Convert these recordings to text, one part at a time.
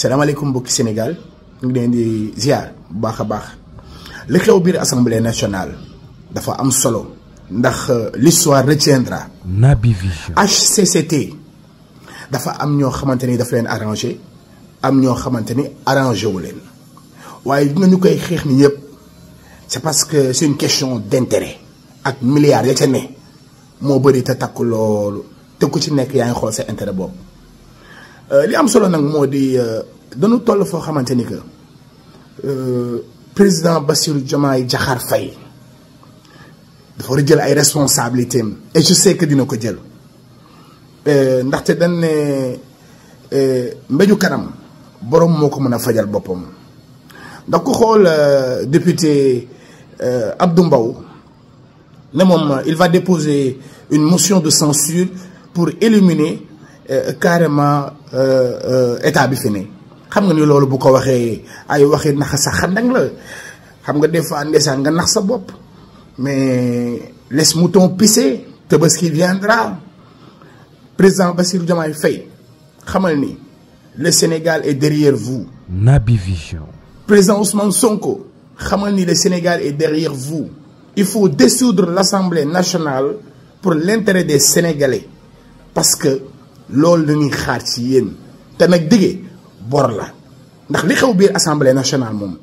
salaamaaleykum mbokki Sénégal ñu ngi leen di ziar bu baax a baax li xew biir assemblée nationale dafa am solo ndax euh, l'histoire retiendra. Naby Vision HCCT dafa am ñoo xamante ni dafa leen arrangé am ñoo xamante ni arrangé wu leen waaye dina ñu koy xeex ni ñëpp c'est parce que c'est une question d'intérêt ak milliards ya ca ne moo bëri te takku loolu te ku ci nekk yaa ngi xool sa intérêt boobu. Euh, li am solo nak modi da euh, dañu toll fo que euh, président Bassirou Diomaye Diakhar Faye a ay et je sais que dina ko jël dañ euh mbéju kanam borom moko mëna fajal député Abdou il va déposer une motion de censure pour éliminer euh, carrément euh, euh, état bi fi c'est xam nga ni lolu bu ko waxee ay waxi naxa sax xandang la xam nga des fois ndeysaan nga nax sa mais laisse mouton pisser qui viendra président Bassirou Diomaye Faye xamal ni le Sénégal est derrière vous. nabi Vision. président Ousmane Sonko xamal ni le Sénégal est derrière vous. il faut dissoudre l'Assemblée nationale pour l'intérêt des Sénégalais parce que loolu la ñuy xaar ci yéen te nag digee bor la ndax li xew biir assemblée nationale moom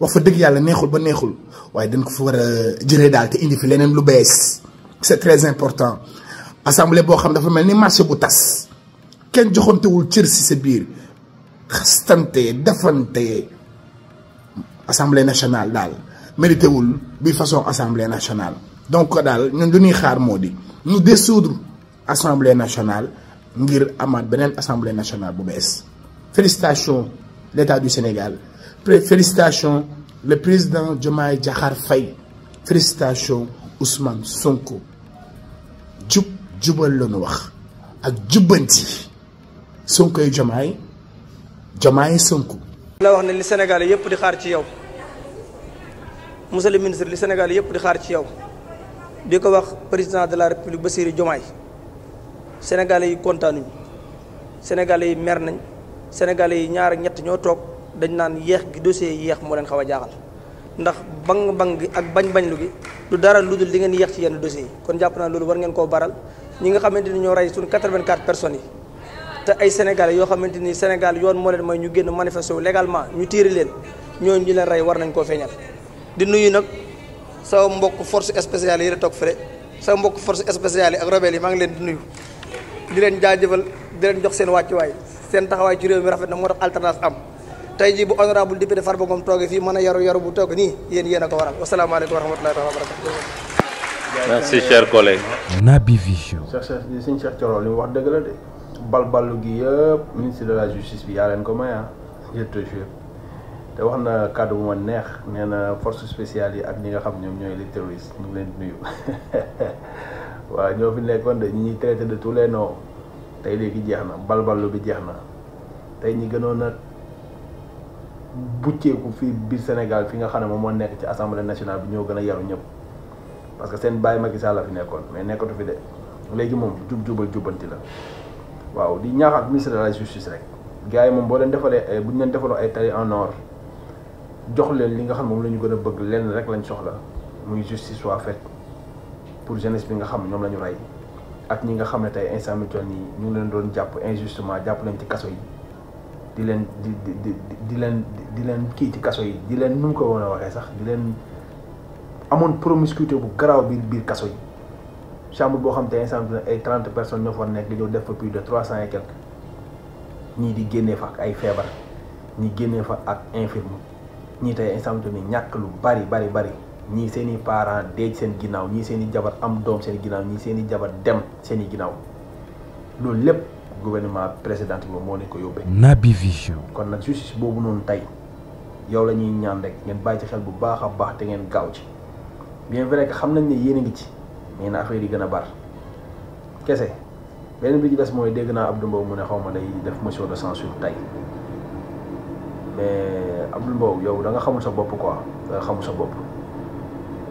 wax fa dëgg yàlla neexul ba neexul waaye dañ ko fa war a jëlee daal te indi fi leneen lu bees c'est très important assemblée boo xam dafa mel ni marché bu tas kenn joxantewul cër si sa biir xastante defante assemblée nationale daal mérité wul bi façon assemblée nationale donc daal ñun lu ñuy xaar moo di ñu assemblée nationale ngir amad benen assemblée nationale bu félicitations l'état du Sénégal félicitations le président Jomai Jahar Faye félicitations Ousmane Sonko jub jubal la wax ak Sonko Sonkoy Diomaye Diomaye Sonko. la wax ne li Sénégal yépp di xaar ci yow monsieur le ministre li Sénégal yépp di xaar ci yow diko wax président de la république Bassirou Diomaye. sénégalais yi ñu sénégalais yi mer nañ sénégalais yi ñaar ñett ñoo toog dañ naan yeex gi dossier yeex moo leen xaw a jaaxal ndax bang bang gi ak bañ bañ lu gi du dara lu dul li ngeen yeex ci yenn dossier yi kon jàpp naa loolu war ngeen koo baral ñi nga xamante ni ñoo rey suñ 84 personnes yi te ay sénégalais yoo xamante ni sénégal yoon moo leen may ñu génn manifesté wu légalement ñu tiiri leen ñooñu ñu leen rey war nañ koo feeñal di nuyu nag sa mbokk force spéciale yi la toog fële sa mbokk force spéciale yi ak rebelle yi maa ngi leen di nuyu di leen jaajëfal di leen jox seen wàccuwaay seen taxawaay ci réew mi rafet na moo tax alternance am tey jii bu honorable far Farba Ngom toogee fii mën a yaru yaru bu toog nii yéen yéen a ko waral wasalaamaaleykum wa rahmatulahi wa barakatu merci cher collègue. Naby Vision. cher suñu Cheikh Thioro li wax dëgg la de balballu gi yëpp ministre de la justice bi yaa leen ko may ah te wax na kàddu bu ma neex nee na force spéciale yi ak ñi nga xam ñoom ñoo les terroristes ñu ngi leen di nuyu. waaw ñoo fi nekkoon de ñu ñuy traité de tous les noms tey léegi jeex na balballu bi jeex na tey ñi gënoon a bucceeku fii biir Sénégal fi nga xam ne moom moo nekk ci assemblée nationale bi ñoo gën a yaru ñëpp parce que seen bàyyi ma gisaal la fi nekkoon mais nekkatu fi de léegi moom jub jubal jubbanti la waaw di ñaax ak ministre de la justice rek gars yi moom boo leen defalee eh, bu ñu leen defaloo ay tali en or jox leen li nga xam moom la ñu gën a bëgg lenn rek lañ soxla muy justice soit faite pour jeunesse bi nga xam ñom lañu ray ak ñi nga xamne tay instant mutuel ni ñu leen doon japp injustement japp leen ci kasso yi di leen di di di leen di leen ki ci kasso yi di leen nu ko wona waxe sax di leen amoon promiscuité bu graw bi bir kasso yi chambre bo xam tay instant ay 30 personnes ñoo nek nekk di ñëw def plus de 300 et quelques ñi di génné fa ak ay fièvre ñi génné fa ak infirme ñi tay instant mutuel nii ñàkk lu bari bari bari. ñii seen i parents deej seen ginnaaw ñii seen i jabar am doom seen ginnaaw ñii seeni i jabar dem seeni ginnaaw loolu lépp gouvernement président bi moo leen ko yóbbee. Naby Vision. kon nag justice boobu noonu tey yow la ñuy ñaan rek ngeen bàyyi ci xel bu baax a baax te ngeen gaaw ci bien vrai que xam nañ ne yéen a ngi ci mais na affaire yi gën a bar kese beneen bi ci des mooy dégg naa Abdou Mbow mu ne xaw ma day def motion de censure tey mais Abdou Mbow yow da nga xamul sa bopp quoi da nga sa bopp.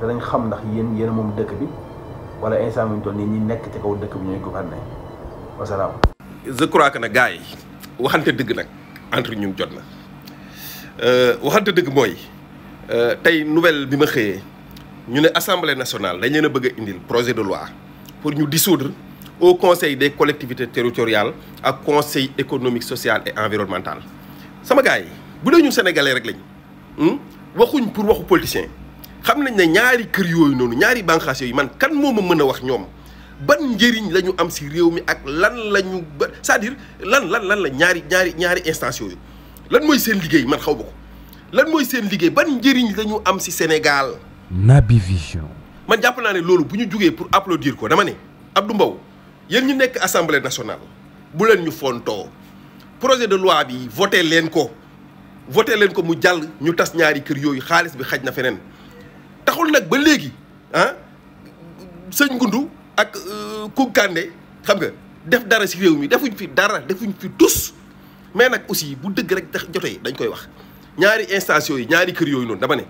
danañ xam ndax yéen yéen moom dëkk bi wala instant bi ñu toll nii ñi nekk ci kaw dëkk bi ñooy gouverner wasalaam. je crois que na gars yi waxante dëgg nag entre ñun jot na euh, waxante dëgg mooy euh, tey nouvelle bi ma xëyee ñu ne assemblée nationale dañ leen a bëgg indil projet de loi pour ñu dissoudre au conseil des collectivité territorial ak conseil économique social et environnemental. sama gars yi bu dee ñun rek lañ hmm, waxuñ pour waxu politicien. xam nañ ne ñaari kër yooyu noonu ñaari bànqaas yooyu man kan moo ma mën a wax ñoom ban njëriñ la ñu am si réew mi ak lan la ba cest lan lan lan la ñaari ñaari ñaari instance yooyu lan mooy seen liggéey ma ko lan mooy seen liggéey ban njëriñ la am si Sénégal. Naby Vision. jàpp naa ne loolu bu ñu jugee pour applaudir ko dama ne Abdou Mbow yéen ñu nekk assemblée nationale bu leen ñu fontoo projet de loi bi voté leen ko voté leen ko mu jàll ñu tas ñaari kër yooyu xaalis bi xaj na feneen. taxul nag ba léegi ah sëñ Ngundu ak euh, Koukandé xam nga def dara si réew mi defuñ fi dara defuñ fi tus mais nag aussi bu dëgg rek tax jotee dañ koy wax ñaari instance yi ñaari kër yooyu noonu dama ne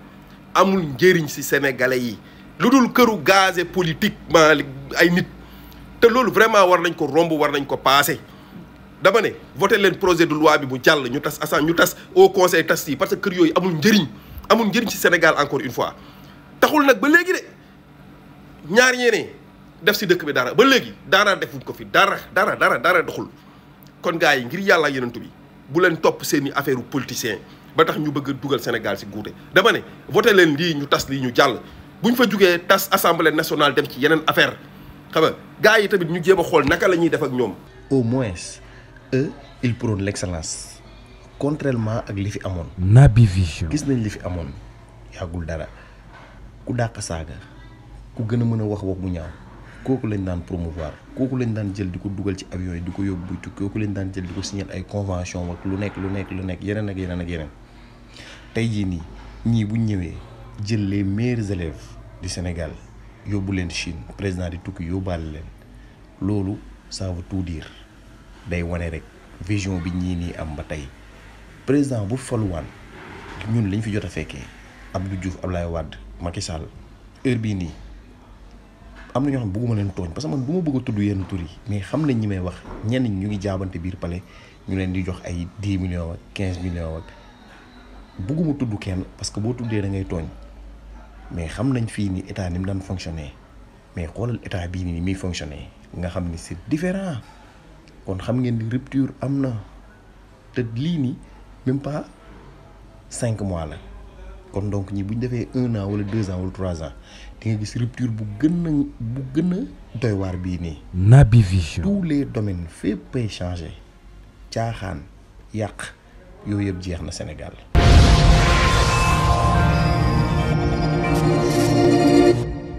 amul njëriñ si sénégalais yi lu dul këru gazé politiquement ay nit te loolu vraiment war nañ ko romb war nañ ko passé dama ne voté leen projet de loi bi mu jàll ñu tas assemblée ñu tas au conseil tas yi parce que kër yooyu amul njëriñ amul njëriñ si Sénégal encore une fois taxul nag ba léegi ñaar ñeenee def si dëkk bi dara ba léegi dara defuñ ko fi dara dara dara dara doxul kon gars yi ngir yàlla yenentu bu leen topp seen affaire politicien ba ñu bëgg dugal Sénégal si guute dama ne voté leen lii ñu tas lii ñu jàll buñ fa jugee tas assemblée nationale dem ci yeneen affaire xam nga gars yi tamit ñu jéem a xool naka la ñuy def ak ñoom au moins eux ils prônent l'excellence contrairement ak li fi amoon bii Vision gis nañ li fi amoon yàggul dara ku dàq saaga ku gën a mën a wax wax bu ñaaw kooku lañ daan promouvoir kooku lañ daan jël di ko dugal ci avion yi di ko yóbbu buy tukki kooku lañ daan jël di ko signer ay convention ak lu nekk lu nekk lu nekk yeneen ak yeneen ak yeneen tey jii nii ñii bu ñëwee jël les meilleurs élèves du Sénégal yóbbu leen Chine président di tukki yóbbaale leen loolu ça veut tout dire day wane rek vision bi ñii nii am ba tey président bu faluwaan ñun lañ fi jot a fekkee. Abdou Diouf Abdoulaye Wade Macky Sall heure bii nii am na ñoo xam ne bëgguma leen tooñ parce que man du ma bëgg a tudd yenn tur mais xam nañ ñi may wax ñenn ñu ngi jaabante biir pale ñu leen di jox ay 10 millions ak quinze millions ak bëgguma tudd kenn parce que boo tuddee da ngay tooñ mais xam nañ fii ni état ni mu daan fonctionner mais xoolal état bii nii muy fonctionner nga xam ni c'est différent kon xam ngeen ni rupture am na te lii nii même pas cinq mois la kon donc ñi bu ñu defee un an wala deux ans wala trois ans di nga gis rupture bu gën a bu gën a doy waar bii nii. Naby Vision. tous les domaines fépp ay changé caaxaan yàq yooyu yëpp jeex na Sénégal.